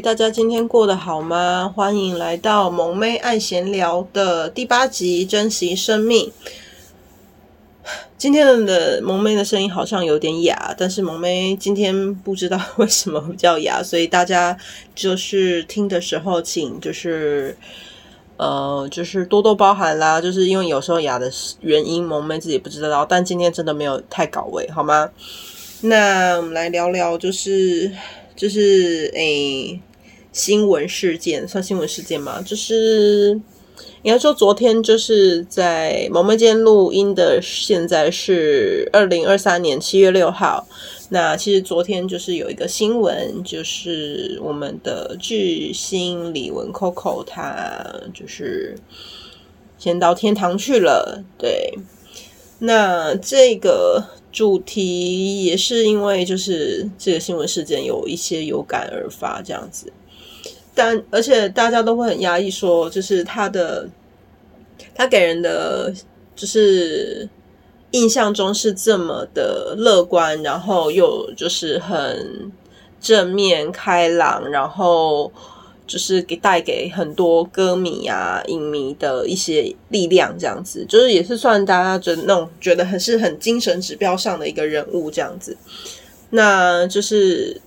大家今天過得好嗎？歡迎來到萌咩愛閒聊的第八集，珍惜生命。今天的萌咩的聲音好像有點啞，但是萌咩今天不知道為什麼比較啞，所以大家就是聽的時候請就是呃，就是多多包涵啦。就是因為有時候啞的原因，萌咩自己不知道，但今天真的沒有太搞味，好嗎？那我們來聊聊，就是，就是就是，欸新聞事件算新聞事件嗎？就是應該說，昨天就是在萌咩間錄音的，現在是二零二三年七月六號。那其實昨天就是有一個新聞，就是我們的巨星李玟 Coco，她就是先到天堂去了。對，那這個主題也是因為就是這個新聞事件有一些有感而發這樣子。但而且大家都會很壓抑說，就是他的，他給人的，就是印象中是這麼的樂觀，然後又就是很正面開朗，然後就是給帶給很多歌迷啊、影迷的一些力量，這樣子，就是也是算大家就那種覺得很是很精神指標上的一個人物這樣子，那就是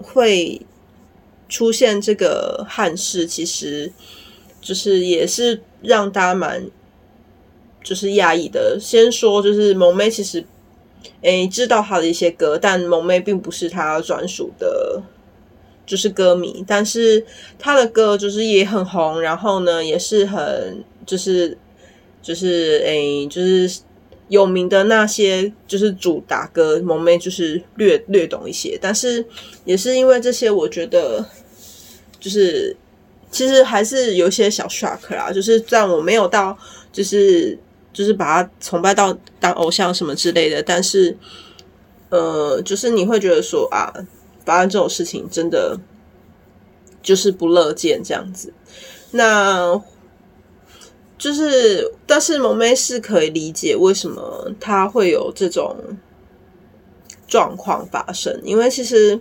會。出現這個憾事，其實就是也是讓大家蠻就是壓抑的。先說就是萌咩，其實誒、欸、知道她的一些歌，但萌咩並不是她專屬的，就是歌迷。但是他的歌就是也很紅，然後呢也是很就是就是誒、欸、就是有名的那些就是主打歌，萌咩就是略略懂一些。但是也是因為這些，我覺得。就是其實還是有一些小 shock 啦，就是雖然我沒有到，就是就是把他崇拜到當偶像什麼之類的，但是呃，就是你會覺得說啊，發生這種事情真的就是不樂見這樣子。那就是但是萌咩是可以理解為什麼他會有這種狀況發生，因為其實。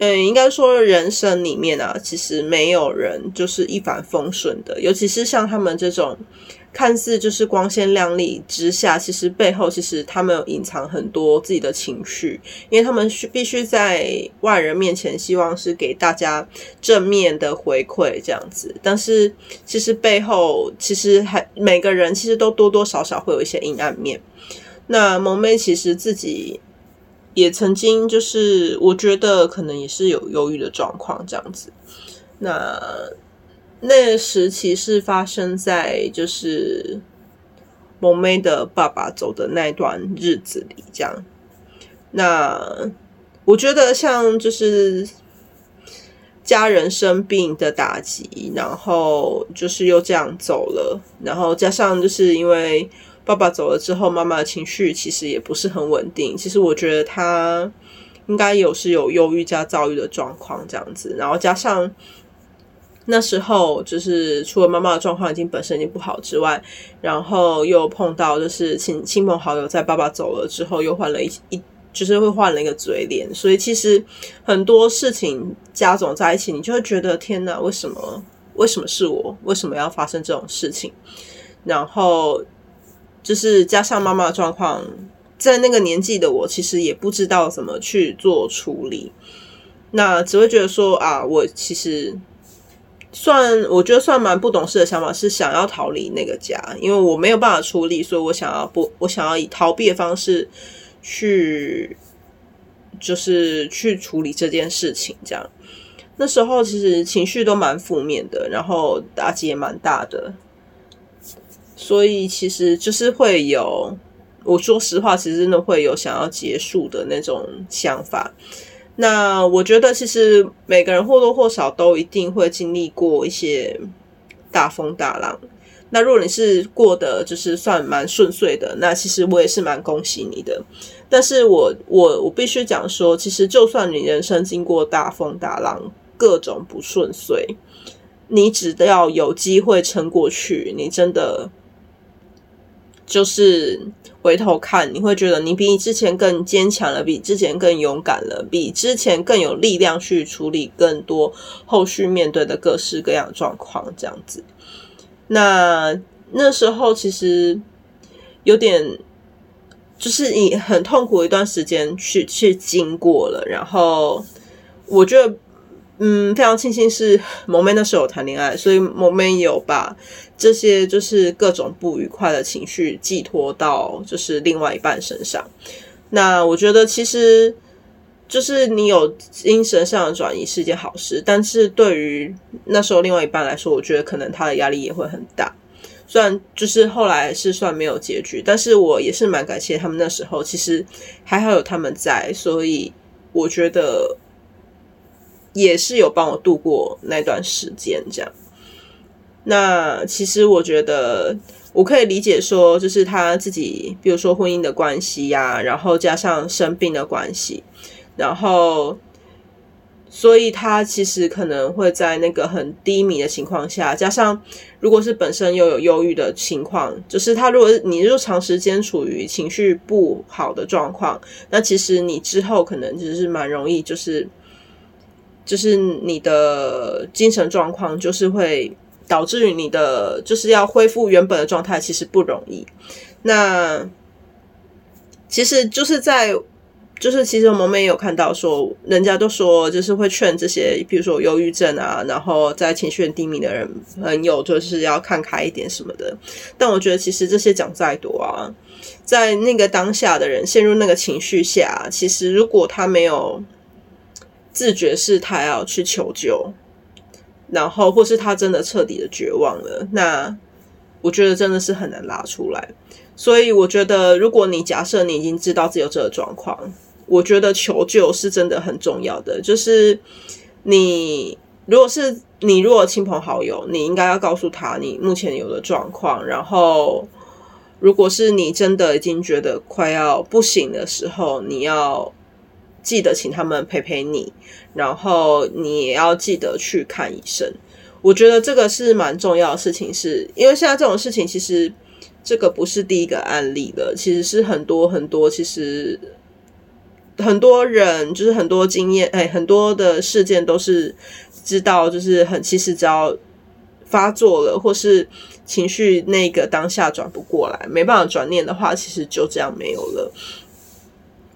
嗯，應該說人生裡面啊，其實沒有人就是一帆風順的，尤其是像他們這種看似就是光鮮亮麗之下，其實背後其實他們有隱藏很多自己的情緒，因為他們必須在外人面前，希望是給大家正面的回饋這樣子，但是其實背後其實還每個人其實都多多少少會有一些陰暗面。那萌咩其實自己。也曾經就是，我覺得可能也是有憂鬱的狀況這樣子。那那個時期是發生在就是萌咩的爸爸走的那段日子裡，這樣。那我覺得像就是家人生病的打擊，然後就是又這樣走了，然後加上就是因為。爸爸走了之後，媽媽的情緒其實也不是很穩定。其實我覺得她應該有是有憂鬱加躁鬱的狀況這樣子。然後加上那時候，就是除了媽媽的狀況已經本身已經不好之外，然後又碰到就是親親朋好友在爸爸走了之後又換了一一，就是會換了一個嘴臉。所以其實很多事情加總在一起，你就會覺得天哪，為什麼？為什麼是我？為什麼要發生這種事情？然後。就是加上媽媽的狀況，在那個年紀的我，其實也不知道怎麼去做處理。那只會覺得說啊，我其實算我覺得算蠻不懂事的想法，是想要逃離那個家，因為我沒有辦法處理，所以我想要不，我想要以逃避的方式去，就是去處理這件事情。這樣，那時候其實情緒都蠻負面的，然後打擊也蠻大的。所以其實就是會有，我說實話，其實真的會有想要結束的那種想法。那我覺得其實每個人或多或少都一定會經歷過一些大風大浪。那如果你是過得就是算蠻順遂的，那其實我也是蠻恭喜你的。但是我我我必須講說，其實就算你人生經過大風大浪，各種不順遂，你只要有機會撐過去，你真的。就是回頭看，你會覺得你比之前更堅強了，比之前更勇敢了，比之前更有力量去處理更多後續面對的各式各樣的狀況。這樣子，那那時候其實有點，就是你很痛苦一段時間去去經過了。然後我覺得，嗯，非常慶幸是萌咩那時候談戀愛，所以萌咩有吧。這些就是各種不愉快的情緒寄託到就是另外一半身上。那我覺得其實就是你有精神上的轉移是件好事，但是對於那時候另外一半來說，我覺得可能他的壓力也會很大。雖然就是後來是算沒有結局，但是我也是蠻感謝他們那時候，其實還好有他們在，所以我覺得也是有幫我度過那段時間這樣。那其實我覺得我可以理解說就是他自己，比如說婚姻的關係呀、啊，然後加上生病的關係，然後，所以他其實可能會在那個很低迷的情況下，加上如果是本身又有憂鬱的情況，就是他如果你又長時間處於情緒不好的狀況，那其實你之後可能就是蠻容易，就是就是你的精神狀況就是會。導致於你的就是要恢復原本的狀態，其實不容易。那其實就是在，就是其實我們也有看到說，人家都說就是會勸這些，比如說有憂鬱症啊，然後在情緒很低迷的人，朋友就是要看開一點什麼的。但我覺得其實這些講再多啊，在那個當下的人陷入那個情緒下，其實如果他沒有自覺是，他要去求救。然後，或是他真的徹底的絕望了，那我覺得真的是很難拉出來。所以，我覺得如果你假設你已經知道自有這個狀況，我覺得求救是真的很重要的。就是你，如果是你，如果親朋好友，你應該要告訴他你目前有的狀況。然後，如果是你真的已經覺得快要不行的時候，你要。記得請他們陪陪你，然後你也要記得去看醫生。我覺得這個是蠻重要的事情是，是因為現在這種事情其實這個不是第一個案例了，其實是很多很多。其實很多人就是很多經驗，哎，很多的事件都是知道，就是很其實只要發作了，或是情緒那個當下轉不過來，沒辦法轉念的話，其實就這樣沒有了。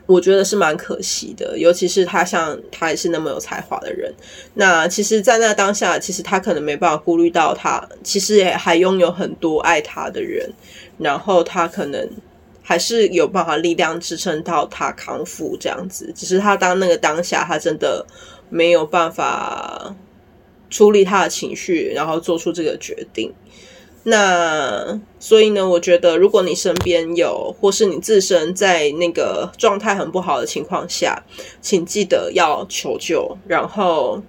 我覺得是蠻可惜的，尤其是他像他也是那麼有才華的人。那其實，在那當下，其實他可能沒辦法顧慮到他，其實也還擁有很多愛他的人，然後他可能還是有辦法力量支撐到他康復這樣子。只是他當那個當下，他真的沒有辦法處理他的情緒，然後做出這個決定。那所以呢，我覺得如果你身邊有，或是你自身在那個狀態很不好的情況下，請記得要求救。然後，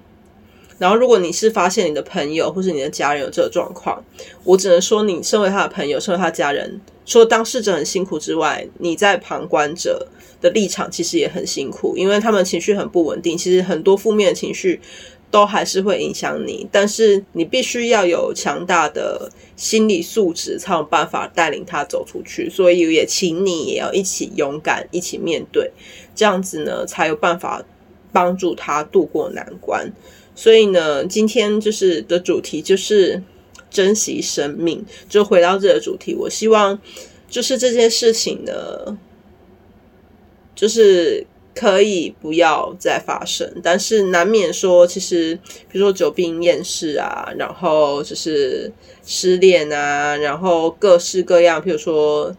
然後如果你是發現你的朋友或是你的家人有這個狀況，我只能說，你身為他的朋友，身為他家人，說當事者很辛苦之外，你在旁觀者的立場其實也很辛苦，因為他們情緒很不穩定，其實很多負面的情緒。都還是會影響你，但是你必須要有強大的心理素質，才有辦法帶領他走出去。所以也請你也要一起勇敢，一起面對，這樣子呢才有辦法幫助他度過難關。所以呢，今天就是的主題就是珍惜生命。就回到這個主題，我希望就是這件事情呢，就是。可以不要再發生，但是難免說，其實比如說久病厭世啊，然後就是失戀啊，然後各式各樣，比如說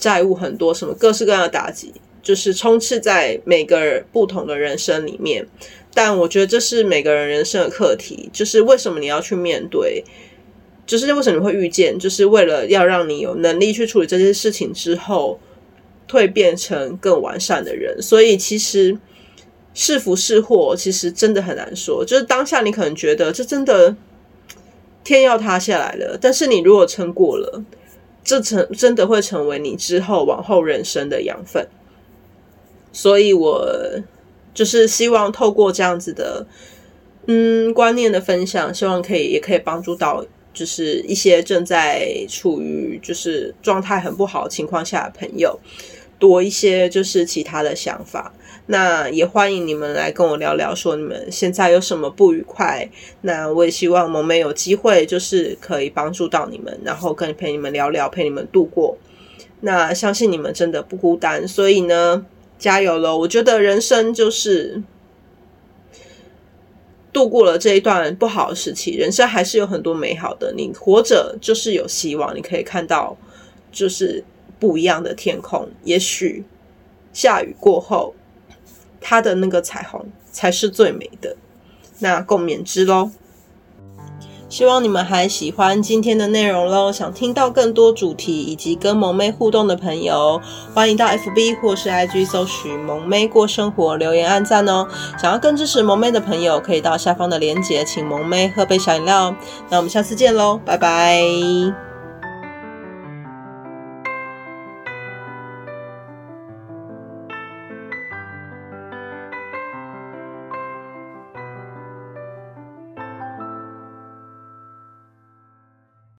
債務很多，什麼各式各樣的打擊，就是充斥在每個人不同的人生裡面。但我覺得這是每個人人生的課題，就是為什麼你要去面對，就是為什麼你會遇見，就是為了要讓你有能力去處理這些事情之後。蛻變成更完善的人，所以其實是福是禍，其實真的很難說。就是當下你可能覺得這真的天要塌下來了，但是你如果撐過了，這成真的會成為你之後往後人生的養分。所以我就是希望透過這樣子的嗯觀念的分享，希望可以也可以幫助到，就是一些正在處於就是狀態很不好的情況下的朋友。多一些就是其他的想法，那也歡迎你們來跟我聊聊，說你們現在有什麼不愉快。那我也希望萌咩有機會就是可以幫助到你們，然後跟陪你們聊聊，陪你們度過。那相信你們真的不孤單，所以呢，加油了！我覺得人生就是度過了這一段不好的時期，人生還是有很多美好的。你活着就是有希望，你可以看到就是。不一樣的天空，也許下雨過後，它的那個彩虹才是最美的。那共勉之嘍。希望你們還喜歡今天的內容嘍。想聽到更多主題以及跟萌咩互動的朋友，歡迎到 FB 或是 IG 搜尋“萌咩過生活”留言按讚哦。想要更支持萌咩的朋友，可以到下方的連結，請萌咩喝杯小飲料。那我們下次見嘍，拜拜。